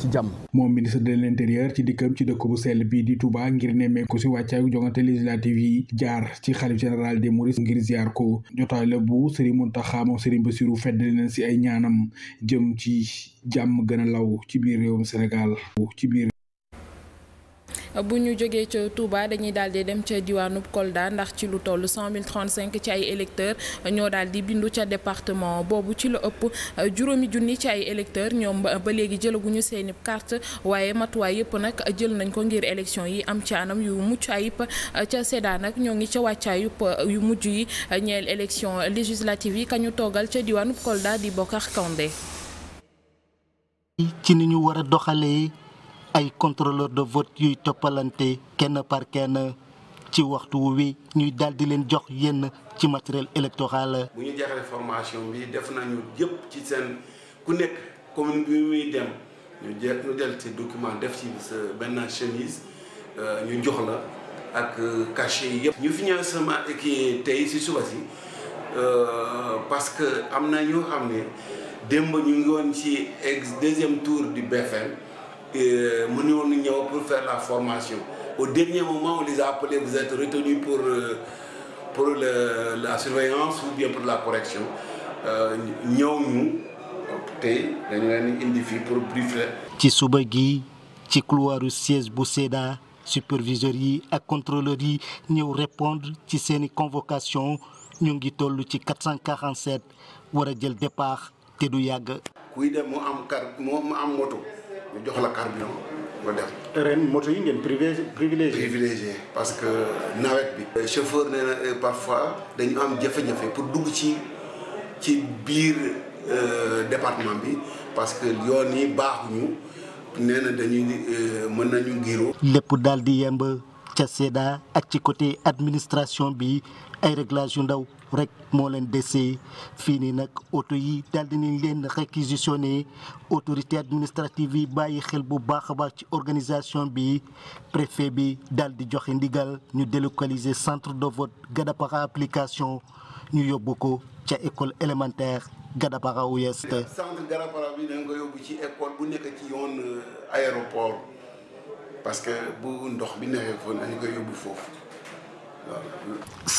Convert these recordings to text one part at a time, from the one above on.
ci jàmm moom ministre de l'intérieur ci dikkam ci dëkk bu sell bii di Touba ngir nemmeeku si wàccaayu jongante législative yi jaar ci xalif général des Mourides ngir ziar ko jotaay la bu Serigne Mountakha moom Serigne Bassirou fedd leen si ay ñaanam jëm ci jàmm gën a law ci biir réewum Sénégal ci biir bu ñu jógee ca Touba dañuy daal di dem ca diwaanub Kolda ndax ci lu toll 100035 ci ay électeurs ñoo daal di bindu ca département boobu ci la ëpp euh, juróomi junni ci ay électeurs ñoom ba léegi jëlaguñu seeni kart waaye matuwaay yëpp nag jël nañ ko ngir élection yi am ci anam yu mucc ayib euh, ca SEDA nag ñoo ngi ca wàccaay euh, yu mujj yi ñeel élection législative yi kañu toogal ca diwaanub Kolda di Bokar Kandé war a doxalee ay contrôleur de vote yuy toppalante kenn par kenn ci waxtu wi ñuy daal di leen jox yenn ci matériel électoral. bu ñu jeexalee formation bi def nañu yëpp ci seen ku nekk commune bi muy dem ñu je ñu del ci document def ci sa benn chemise euh, ñu jox la ak euh, cachet yëpp. ñu fi ñëw sama kii tey si suba si euh, parce que am na ñoo xam ne démb ñu ngi woon ci ex deuxième tour du BFM. mënuñu woon ñëw pour faire la formation au dernier moment on les a appelés vous êtes pour euh, la surveillance ou bien pour la correction ñëw euh, ñu tey dañu leen indi fii pour briefer. ci suba gi ci couloiru siège bu SEDA superviseurs yi ak contrôleurs yi ñëw répondre ci seeni convocation ñu ngi toll ci 447 war a jël départ te du yàgg. kuy dem mu am mu am moto. ñu jox la carburant nga dem. ren moto yi ngeen privilégié privilégié. parce que nawet bi. chauffeur nee na euh, parfois dañu am jafe-jafe pour dugg ci ci biir euh, département bi parce que yoon yi baaxuñu nee na dañuy euh, mën nañu ngiro lépp daal di yemb. ca SEDA ak ci côté administration bi ay réglage yu ndaw rek moo leen dese fii nii nag auto yi daal dinañ leen réquisitionné autorité administrative yi bàyyi xel bu baax a baax ci organisation bi préfet bi daal di joxe ndigal ñu délocaliser centre de vote Gadapara application ñu yóbbu ko ca école élémentaire Gadapara Ouest. centre bi dañ ko yóbbu ci école bu nekk ci yoon euh, aéroport. parce que bu ndox bi nexee foofu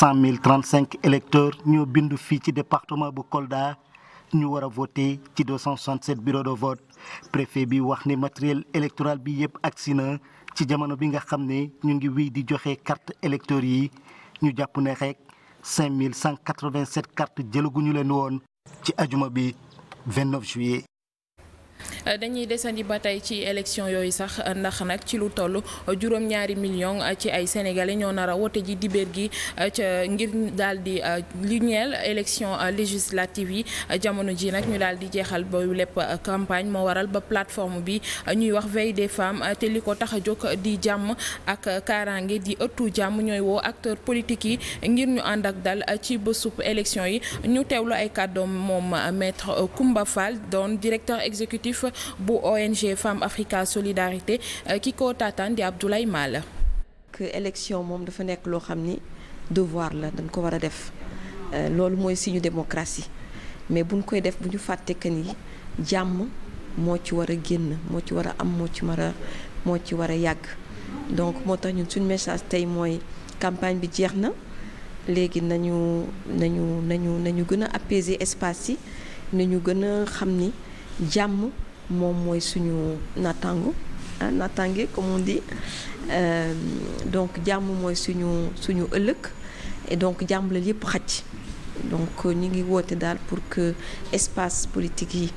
dañu mille trente cinq électeurs ñoo bindu fii ci département bu Kolda ñu war a voté ci deux cent soixante sept bureau de vote préfet bi wax ni matériel électoral bi yëpp agsi na ci jamono bi nga xam ne ñu ngi wéy di joxe carte électeurs yi ñu jàpp ne rek cinq mille cent quatre vingt sept cartes jëlaguñu leen woon ci ajuma bi vingt neuf juillet. Euh, dañuy desandi ba tey ci élection yooyu sax euh, ndax nag ci lu toll juróom-ñaari million euh, ci ay sénégalais ñoo nara a wote ji dibéer gi ca ngir daal di li ñeel élection législative yi jamono ji nag ñu daal di jeexal ba lépp campagne moo waral ba plateforme bi ñuy wax veille des femmes te li ko tax a jóg di jàmm ak kaaraange di ëttu jàmm ñooy woo acteur politiques yi ngir ñu ànd ak dal ci bésub élection yi ñu teewlu ay kàddoom moom maître Koumba Fall doon directeur exécutif bu ONG Femme Africa Solidarité euh, ki ko taataan di Abdoulaye la que moom dafa nekk loo xam ni devoir la dañ ko war a def euh, loolu mooy suñu démocratie mais buñ koy def bu ñu fàtte que ni jàmm moo ci war a génn moo ci war a am moo ci war a moo ci war a yàgg donc moo tax ñu suñ message tey mooy campagne bi jeex na léegi nañu nañu nañu nañu gën a apaiser espace yi nañu gën a xam ni jàmm. moom mooy suñu nattangu ah nattange comme on dit euh, donc jàmm mooy suñu suñu ëllëg et donc jàmm la yépp xaj donc euh, ñu ngi woote daal pour que espace politique yi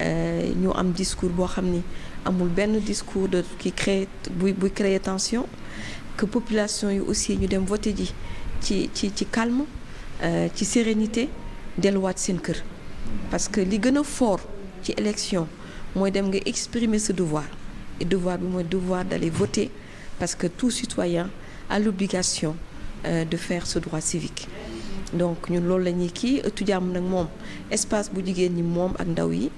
euh, ñu am discours boo xam ni amul benn discours de qui crée buy buy créer tension que population yi aussi ñu dem voté ji ci ci ci calme ci sérénité delluwaat seen kër parce que li gën a fort ci élection mooy dem nga exprimer ce devoir et devoir bi mooy devoir d'aller voter parce que tout citoyen a l'obligation euh, de faire ce droit civique donc ñun loolu la ñuy kii ëttu jàmm nag moom espace bu jigéen ñi moom ak ndaw yi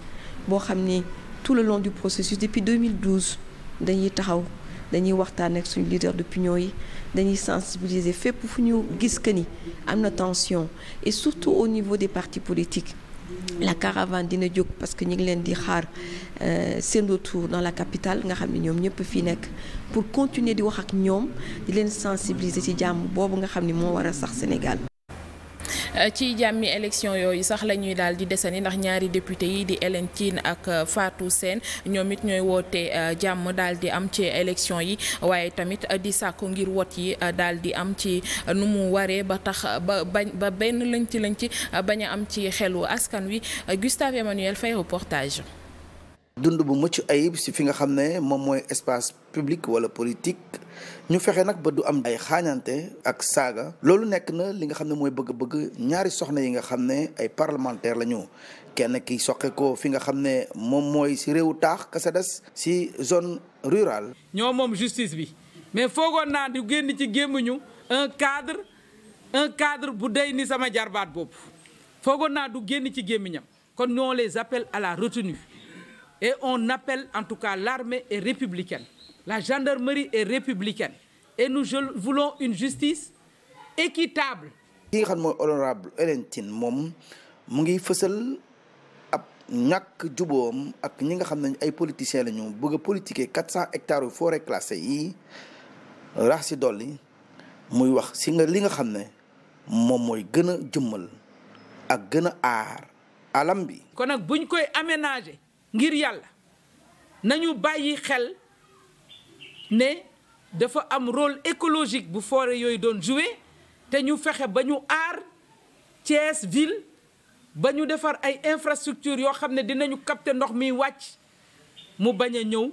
boo xam ne tout le long du processus depuis 2012 dañuy taxaw dañuy waxtaan ak suñu leader d'opinion yi dañuy sensibiliser fépp fu ñu gis que ni am na tension et surtout au niveau des partis politiques la caravane dina jóg parce que ñu ngi leen di xaar euh, seen retour dans la capitale nga xam ni ñoom ñëpp fi nekk pour continuer di wax ak ñoom di leen sensibiliser ci jàmm boobu nga xam ni moo war a sax Sénégal. Euh, ci jàmmi élection yooyu sax la ñuy daal di desani ndax ñaari député yi di Hélène ciin ak euh, faatu Sène ñoom it ñooy woote euh, jàmm daal di am ci élection yi waaye tamit di sàkku ngir wot yi daal di am ci nu mu waree ba tax ba ba benn lëñ ci lëñ ci bañ am ci xelu askan wi Gustave Emmanuel Faye reportage dund bu mucc ayib si fi nga xam ne moom mooy espace public wala politique ñu fexe nag ba du am ay xaañante ak saaga loolu nekk na li nga xam ne mooy bëgg-bëgg ñaari soxna yi nga xam ne ay parlementaire la ñu kenn ki soqe ko fi nga xam ne moom mooy si réewu taax kasa des si zone rurale ñoo moom justice bi mais foogoon naa di génn ci gémmiñu un cadre cadre bu day ni sama jarbaat boobu foogoon naa du génn ci gémmiñam kon ñoo les appelle à la retenue Et on appelle en tout cas l'armée et républicaine, la gendarmerie est républicaine et nous voulons une justice équitable. ki nga xam mooy honorable Hélène moom mu ngi fësal ab ñàkk juboom ak ñi nga xam ne ay politiciens la ñu bëgg politique politiquer cent hectares yu forêt classée yi rax si dolli muy wax si nga li nga xam ne moom mooy gën a jëmmal ak gën a aar alam bi. kon nag buñ koy aménager. ngir yàlla nañu bàyyi xel ne dafa am rôle écologique bu forêt yooyu doon jouer te ñu fexe ba ñu aar Thiès ville ba ñu defar ay infrastructure yoo xam ne dinañu capter ndox miy wàcc mu bañ a ñëw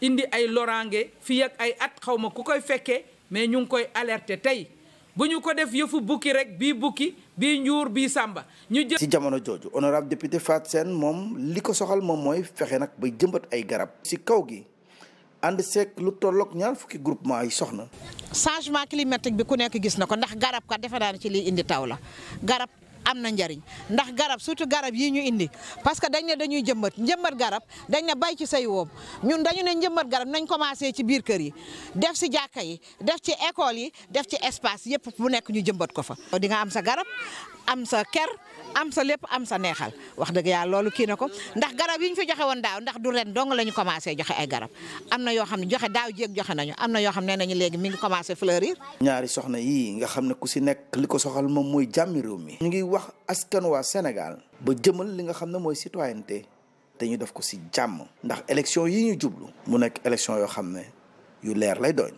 indi ay loraange fii ak ay at xawma ku koy fekkee mais ñu ngi koy alerter tey bu ñu ko def yëfu bukki rek bii bukki bii njuur bii sàmba ñu jël ci jamono jooju honorable député Fatou seen moom li ko soxal moom mooy fexe nag bay jëmbat ay garab ci kaw gi ànd seek lu tolloog ñaar fukki groupement ay soxna changement climatique bi ku nekk gis na ko ndax garab ka defe naa ne ci liy indi taw la garab am na njariñ ndax garab surtout garab yii ñu indi parce que dañ ne dañuy jëmbat njëmbat garab dañ ne bay ci say woom ñun dañu ne njëmbat garab nañ commencé ci biir kër yi def si jàkka yi def ci école yi def ci espace yëpp bu nekk ñu jëmbat ko fa di nga am sa garab am sa ker am sa lépp am sa neexal wax dëgg yàlla loolu kii na ko ndax garab yi ñu fi joxe woon daaw ndax du ren dong la ñu commencé joxe ay garab am na yoo xam ne joxe daaw jéeg joxe nañu am na yoo xam ne nañu léegi mi ngi commencé fleurir. ñaari soxna yii nga xam ne ku si nekk li ko soxal moom mooy jàmmi mi. wax askan waa Sénégal ba jëmal li nga xam ne mooy citoyenneté te ñu def ko si jàmm ndax élection yi ñu jublu mu nekk élection yoo xam ne yu leer lay doon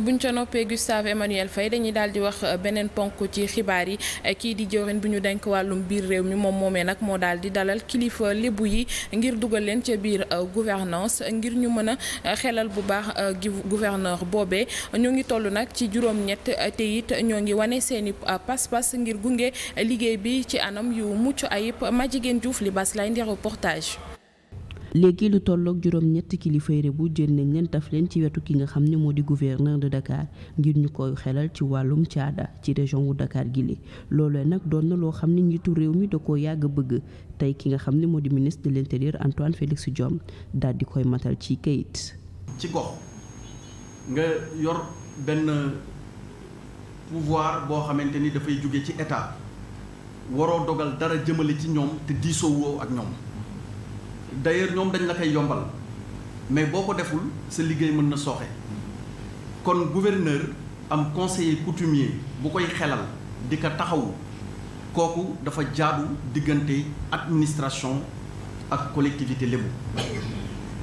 buñ ca noppee Gustave Emmanuel fay dañuy daal di wax euh, beneen ponk ci xibaar yi euh, kii di jëwrin bi ñu denk wàllum biir réew mi moom moomee nag moo daal di dalal kilifa lébu yi ngir dugal leen ca biir euh, gouvernance ngir ñu mën a xelal bu baax gouverneur boobee ñoo ngi toll nag ci juróom-ñett te it ñoo ngi wane seeni pas-pas ngir gunge liggéey bi ci anam yu mucc ayib ma jigéen Diouf li bas lay ndi reportage léegi lu tolloog juróom ñetti kilifay Rebu jël ñeentaf leen ci wetu ki nga xam ne moo di gouverneur de Dakar ngir ñu koy xelal ci wàllum caada ci région wu Dakar gi li loolee nag doon na loo xam ne njiitu réew mi da koo yàgg bëgg tey ki nga xam ni moo di ministre de l'intérieur Antoine Félix Diome daal di koy matal ci kayit ci gox nga yor benn pouvoir boo xamante ni dafay jóge ci état waroo dogal dara jëmale ci ñoom te diisoowoo ak ñoom d'ailleurs ñoom dañ la koy yombal mais boo ko deful sa liggéey mën na sooxe kon gouverneur am conseiller coutumier bu koy xelal di ko taxawu kooku dafa jaadu diggante administration ak collectivité lébu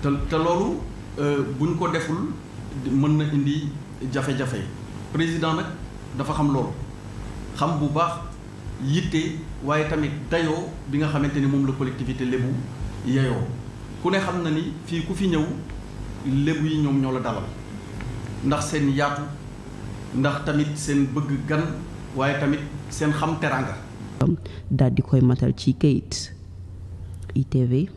te te loolu euh, buñ ko deful mën na indi jafe-jafe président nag dafa xam loolu xam bu baax yitte waaye tamit dayoo bi nga xamante ni moom la collectivité lébu yeyoo ku ne xam na ni fii ku fi ñëw lébu yi ñoom ñoo la dalal ndax seen yaatu ndax tamit seen bëgg gan waaye tamit seen xam teraanga daal di koy matal ci kayit ITV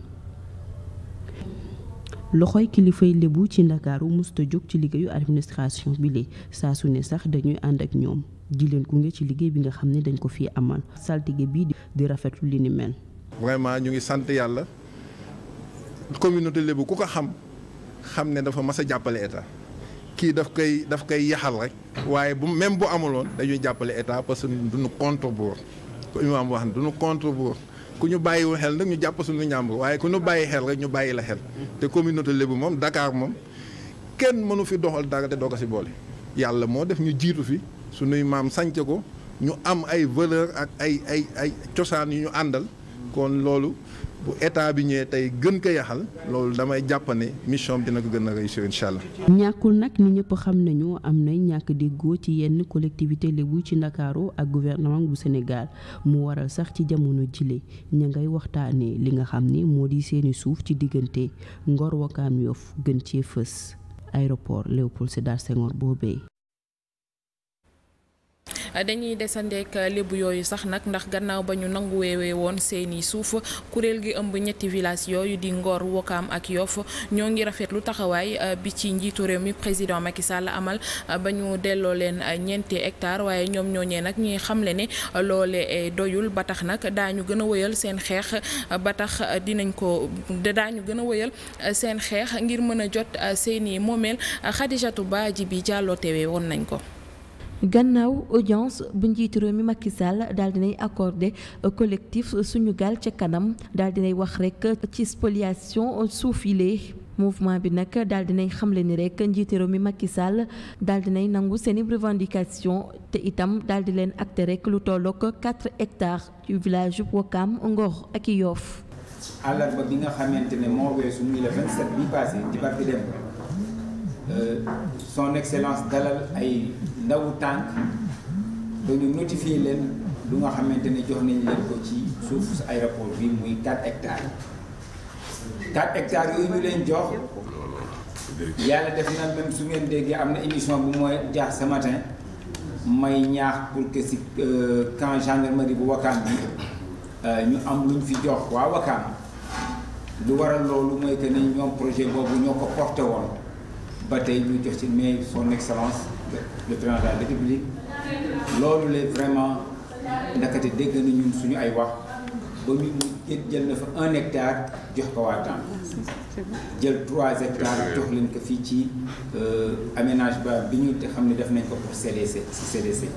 loxoy kilifay lébu ci ndakaaru musta jóg ci liggéeyu administration bi lee saa su ne sax dañuy ànd ak ñoom di leen gunge ci liggéey bi nga xam ne dañ ko fi amal saltige bii di rafetlu li ni mel vraiment ñu ngi sant yàlla communauté lébu ku ko xam xam ne dafa mas a jàppale état kii daf koy daf koy yaxal rek waaye bu même bu amuloon dañuy jàppale état parce que duñu contre buur ku imaam wax ne duñu contre buur ku ñu bàyyiwul xel nag ñu jàpp suñu njàmbur waaye ku ñu bàyyi xel rek ñu bàyyi la xel te communauté lébu moom Dakar moom kenn mënu fi doxal dara te doo ko si boole yàlla moo def ñu jiitu fi suñuy maam sanc ko ñu am ay valeur ak ay ay ay cosaan yu ñu àndal kon bu état bi ñëwee tey gën ko yaxal loolu damay jàpp mission bi dina ko gën a réussir incha allah. ñàkkul nag ni ñëpp xam nañoo am na ñàkk déggoo ci yenn collectivité lébu ci ndakaaru ak gouvernement bu Sénégal mu waral sax ci jamono jile ñu ngay waxtaanee li nga xam ni moo di seeni suuf ci diggante Ngor Wakaam Yoff gën cee fës aéroport Léopold Sédar Senghor boobee. dañuy desandeek lébu yooyu sax nag ndax gannaaw ba ñu nanguweewee woon seeni suuf kuréel gi ëmb ñetti village yooyu di Ngor wokaam ak Yoff ñoo ngi rafet lu taxawaay uh, bi ci njiitu réew mi président Macky Sall amal uh, ba ñu delloo leen uh, ñeenti hectare waaye ñoom ñooñee nag ñuy xamle ne loole doyul ba tax nag daañu gën a wëyal seen xeex ba tax dinañ ko daañu gën a woyal seen xeex ngir mën a jot seeni moomeel Xadijatu Baaji bi jàlloo teewee woon nañ ko gannaaw audience bu njiitu réew mi Macky Sall daal dinay accordé euh, collectif suñu gaal ca kanam daal dinay wax rek ci spoliation suuf mouvement bi nag daal dinay xamle ni rekk njiitu réew mi Macky Sall daal dinay nangu seeni revendication te itam dal di leen acté rek lu tollook 4 hectares ci village Wakam Ngor ak Yoff àllarba bi nga xamante ne moo weesu muy le 27 bi passé ci bi dem euh, son excellence dalal ay ndawu tànk ba ñu notifié leen lu nga xamante ne jox nañ leen ko ci suuf sa aéroport bi muy 4 hectares 4 hectares yooyu ñu leen jox yàlla def na même su ngeen déggee am na émission bu mooy jaax ce matin may ñaax pour que si euh, camp gendarmerie bu Wakaam bi euh, ñu am luñ fi jox waa Wakaam lu waral loolu mooy que ne ñoom projet boobu ñoo ko porté woon ba tey ñu jox ci mais son excellence loolu la vraiment ndakate dégg na suñu ay wax ba ñu jël na fa un hectare jox ko waa jël trois hectares jox leen ko fii ci euh, aménage ba bi ñu te xam ne def nañ ko pour CDC ci CDC.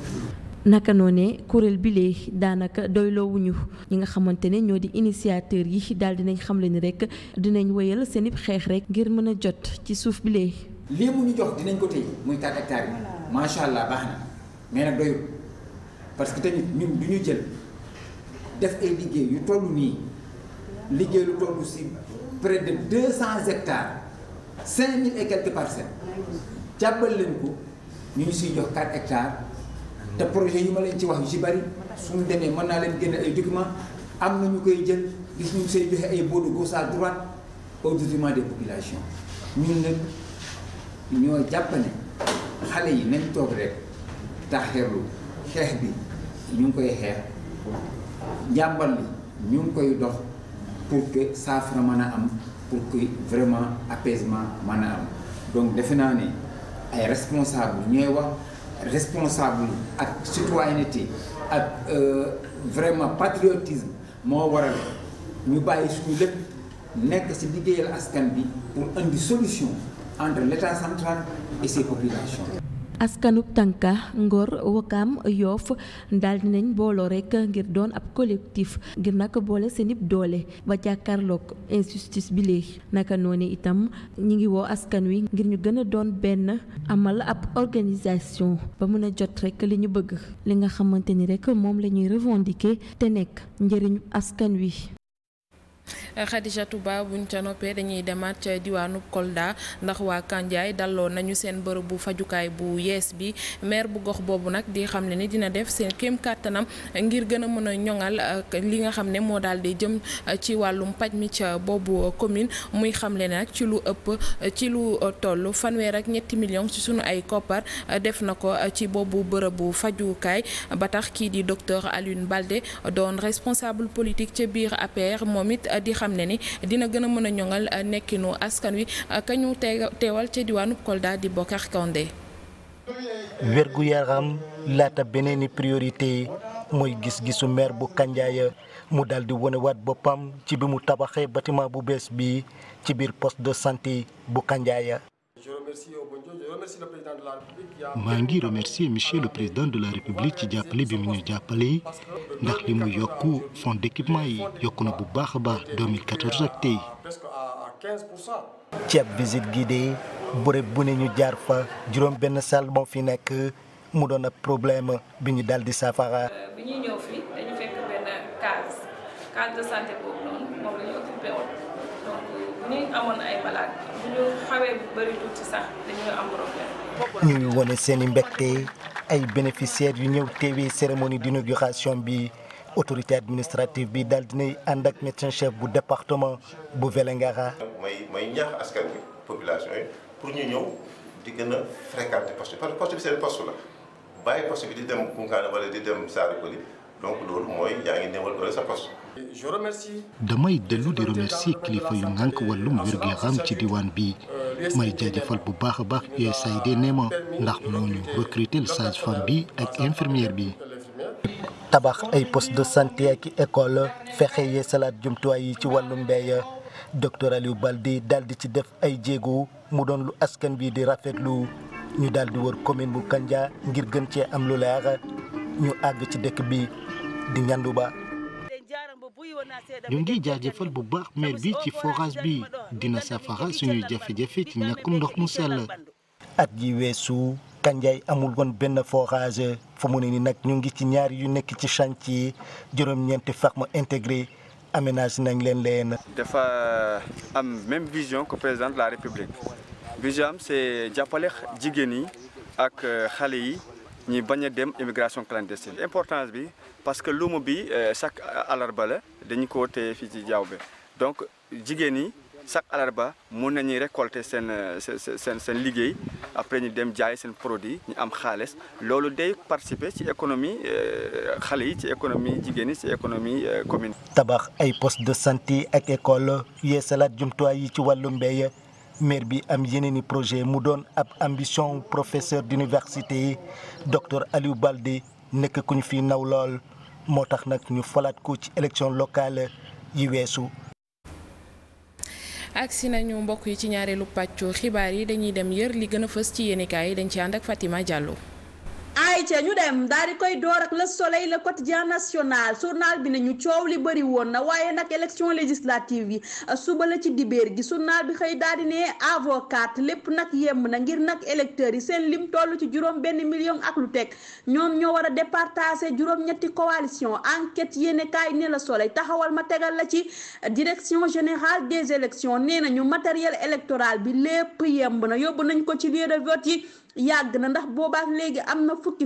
naka noonee kuréel bi daanaka doyloowuñu ñi nga xamante ne ñoo di initiateur yi daal dinañ xam leen ni rek dinañ woyal seen i xeex rek ngir mën a jot ci suuf bi léegi lii mu ñu jox dinañ ko téye muy 4 hectares yi macha allah baax na mais nag doyul parce que tamit ñun du ñu jël def ay liggéey yu toll nii liggéey lu toll si près de 200 hectares 5000 et parce parcelles jàppal leen ko ñu ñu siy jox 4 hectares te projet yi ma leen ci wax yu si bari suñu demee mën naa leen génne ay documents am na ñu koy jël gis ñu ngi say joxe ay boodu gauche à droite au détriment des populations ñu nag. ñoo jàppale xale yi nañ toog rek taxirlu xeex bi ñu ngi koy xeex njàmbal li ñu ngi koy dox pour que saafara mën a am pour que vraiment apaisement man a am donc defe naa ne ay responsable ñooy wax responsable ak citoyenneté ak euh, vraiment patriotisme moo waral ñu bàyyi suñu lépp nekk ci liggéeyal askan bi pour indi solution entre l'État tànka ngor wakaam yoof daal dinañ booloo rekk ngir doon ab collectif ngir naka boole seenib doole ba jàkkarlook injustice bi lée naka noonu itam ñi ngi woo askan wi ngir ñu gëna doon benn amal ab organisation ba mën a jot rekk li ñu bëgg li nga xamante ni rek moom la ñuy te nekk njëriñu askan wi Khadijatou Ba buñ ca noppee dañuy demaat ca diwaanu Kolda ndax waa Kandiaye dalloo nañu seen bërëb bu fajukaay bu yees bi maire bu gox boobu nag di xam ne ni dina def seen kéem kàttanam ngir gën a mën a ñoŋal li nga xam ne moo daal di jëm ci wàllum paj mi ca boobu commune muy xam le ak ci lu ëpp ci lu toll fanweer ak ñetti millions ci sunu ay koppar def na ko ci boobu bërëb bu fajukaay ba tax kii di docteur Alioune Balde doon responsable politique ca biir APR moom Euh, di xam ne ni dina gën a mën a ñoŋal euh, nekkinu askan wi euh, ka ñu teewal ca diwaanu Kolda di Bokar Kandé. wergu yaram laata beneeni priorité mooy gis-gisu maire bu Kandiaye mu daal di wonewaat boppam ci bi mu tabaxee bâtiment bu bees bi ci biir post de santé bu Kandiaye. maa ngi remercier monsieur le président de la république ci jàppale bi mu ñu jàppale ndax li mu yokk fonds d'équipement yi yokk na bu baax a baax 2014 ak tey. ceeb visite guidée bërëb bu ne ñu jaar fa juróom benn salle fi nekk mu doon ab problème bi ñu dal di saafara. Euh, bi ñuy ñëw fii dañu fekk benn case case de santé boobu noonu ñu xawee bëri tuuti sax dañuy am problème. ñu ngi wane seen i mbégte ay bénéficiaires yu ñëw teewee cérémonie d'inauguration bi autorité administrative bi daal dinay ànd ak médecin chef bu département bu Vélingara. may may ñaax askan bi population yi pour ñu ñëw di gën a fréquenter poste parce que poste bi seen poste la bàyyi poste bi di dem Koungheul wala di dem Saré Coly donc loolu mooy yaa ngi néewal doole sa poste. damay dellu di remercier kilifa yu ngànk wàllum wérgu yaram ci diwaan bi euh, may jaajëfal bu baax a baax USAID e ndax moo ñu recruter sage bi ak infirmière bi. tabax ay poste de santé ak fexe yee salaat jumtuwaay yi ci wàllum mbéy docteur Aliou Balde daal di ci def ay jéego mu doon lu askan bi di rafetlu ñu daldi wër commune bu Kandia ngir gën cee am lu leer ñu àgg ci dëkk bi di ñandu ba. ñu ngi jaajëfal bu baax maire bi ci forage bi dina safara suñuy jafe-jafe ci ñàkkum ndox mu sell. at yi weesu Kanjaay amul woon benn forage fa mu ne ni nag ñu ngi ci ñaar yu nekk ci chantier juróom-ñeenti ferme intégré aménage nañ leen leen. dafa euh, am même vision que président de la république vision am c'est jàppale jigéen yi ak euh, xale yi ñi bañ a dem immigration clandestine importance bi. parce que luuma bi euh, chaque alarba la dañu ko téye fii ci jaww bi donc jigéen yi chaque alarba mun nañuy récolter seen euh, seen seen liggéey après ñu dem jaay seen produit ñu am xaalis loolu day participer ci économie euh, xale yi ci économie jigéen ci économie commune. tabax ay poste de santé ak école yeesalaat jumtuwaay yi ci wàllu mbéy maire bi am yeneen i projet mu doon ab ambition professeur d'université docteur Aliou Baldé nekk ku ñu fi naw lool. moo tax nag ñu falaat ko ci élection locale yi weesu. agsi nañu mbokk yi ci ñaareelu pàccu xibaar yi dañuy dem yër li gën a fës ci yéenekaay yi dañ ci ànd ak Fatima Diallo. ayca ñu dem daal di koy door ak la soleil le quotidien national journal bi ne ñu coow li bëri woon na waaye nag élection législative yi euh, suba la ci dibeer gi journal bi xëy daal di ne avocat lépp nag yemb na ngir nag électeurs yi seen lim toll ci juróom benn million ak lu teg ñoom ñoo war a départager juróom-ñetti coalition enquête yéene kaay ne la soleil taxawal ma tegal la ci direction générale des élections nee nañu matériel électoral bi lépp yemb na yóbbu nañ ko ci lieu de vote yi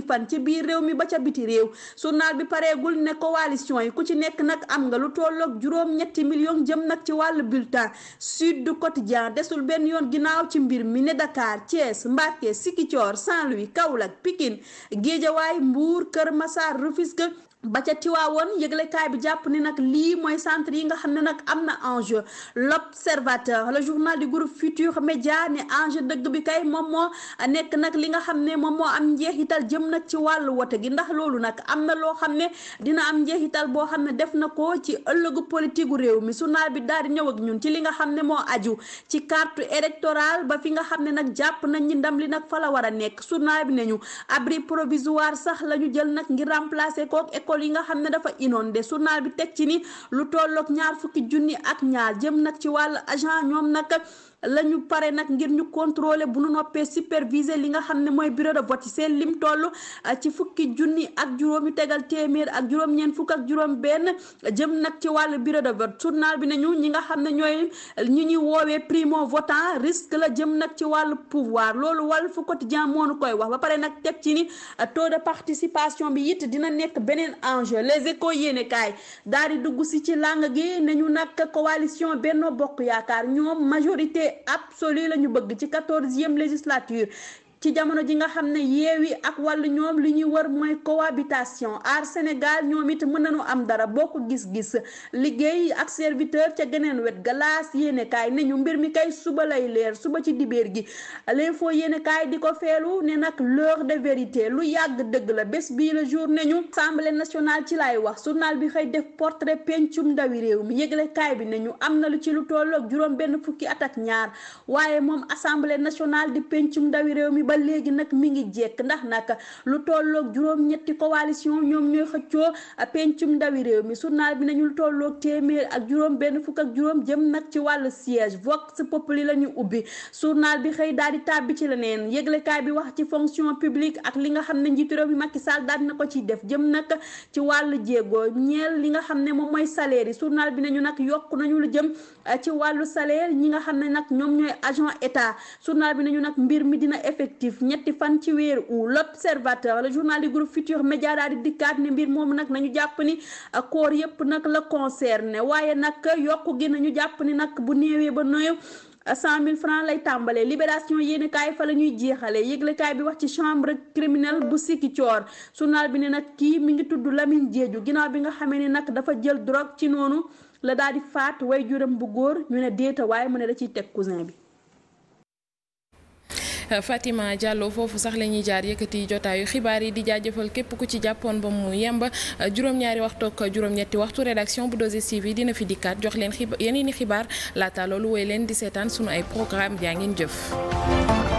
fukki fan ci biir réew mi ba ca biti réew journal bi pareegul ne coalition yi ku ci nekk nag am nga lu tollook juróom ñetti million jëm nag ci wàllu bulletin sud du quotidien desul benn yoon ginnaaw ci mbir mi ne Dakar Thiès Mbacké Ziguinchor saint kawlak pikin Pikine Guédiawaye Mbour Kër Massar Rufisque ba ca tiwaawoon yëglekaay bi jàpp ni nag lii mooy centre yi nga xam ne nag am na enjeu l'observateur le journal du groupe Futur Média ne enjeu dëgg bi kay moom moo nekk nag li nga xam ne moom moo am njeexital jëm nag ci wàllu wote gi ndax loolu nag am na loo xam ne dina am njeexital boo xam ne def na ko ci ëllëgu politique gu réew mi journal bi daal di ñëw ak ñun ci li nga xam ne moo aju ci carte électorale ba fi nga xam ne nag jàpp nañ ñi ndam li nag fa la war a nekk journal bi nañu abri provisoire sax la ñu nag ngir remplacer kook école école nga xam ne dafa de journal bi teg ci ni lu tollook ñaar fukki junni ak ñaar jëm nag ci wàll agent ñoom nag la ñu pare nag ngir ñu contrôler bu nu noppee superviser li nga xam ne mooy bureau de vote yi seen lim toll ah, ci fukki junni ak juróom yu tegal téeméer ak juróom-ñeent fukk ak juróom-benn jëm nag ci wàll bureau de vote journal bi ne ñu ñi nga xam ne ñooy ñi ñuy woowee primo votant risque la jëm nag ci wàllu pouvoir loolu wàll Quotidien moo nu koy wax ba pare nag teg ci ni ah, taux de participation bi it dina nekk beneen enjeu les échos yéenekaay dal di dugg si ci làng gi ne ñu nag coalition Bokk Yaakaar absolue la ñu bëgg ci quatorzième législature ci jamono ji nga xam ne yeewi ak wàllu ñoom li ñuy war mooy cohabitation aar Sénégal ñoom it mën nañu am dara boo ko gis-gis liggéey ak serviteur ca geneen wet galaas yéenekaay ne ñu mbir mi kay suba lay leer suba ci dibeer gi l'info yéenekaay di ko feelu ne nag l'heure de vérité lu yàgg dëgg la bés bii la jour ne ñu assemblée nationale ci laay wax journal bi xëy def portrait pencum ndawi réew mi yëglekaay bi ne ñu am na lu ci lu tolloog juróom benn fukki at ak ñaar waaye di pencum ndawi mi ba léegi nag mi ngi jekk ndax nag lu tolloog juróom-ñetti coalition ñoom ñooy xëccoo pencum ndawi réew mi journal bi nañu lu tolloog téeméer ak juróom benn fukk ak juróom jëm nag ci wàllu siège vox populi la ñu ubbi journal bi xëy daal di tàbbi ci leneen yëglekaay bi wax ci fonction publique ak li nga xam ne njiitu réew mi Macky Sall daal dina ko ciy def jëm nag ci wàllu jéego ñeel li nga xam ne moom mooy salaire yi journal bi nañu nag yokk nañu lu jëm ci wàllu salaire ñi nga xam ne nag ñoom ñooy agent état journal bi nañu nag mbir mi dina effectif effectif ñetti fan ci weeru u servateur wala journal du groupe Futur Média daal di dikkaat ne mbir moom nag nañu jàpp ni koor yëpp nag la ne waaye nag yokku gi nañu jàpp ni nag bu néewee ba néew cent mille francs lay tàmbalee libération yéeni kaay fa la ñuy jeexalee yëglekaay bi wax ci chambre criminelle bu Sikicoor journal bi ne nag kii mi ngi tudd Lamine Jeeju ginnaaw bi nga xamee ni nag dafa jël drogue ci noonu la daal di faat way juram bu góor ñu ne déeta waaye mu ne da ciy teg cousin bi Fatima Diallo foofu sax la ñuy jaar yi jotaayu xibaar yi di jaajëfal képp ku ci jàppoon ba mu yemba euh, juróom-ñaari waxtu juróom-ñetti waxtu rédaction bu 2STV dina fi dikkaat jox leen xibaar yeneeni xibaar laata loolu woy leen di seetaan sunu ay programme jaa ngeen jëf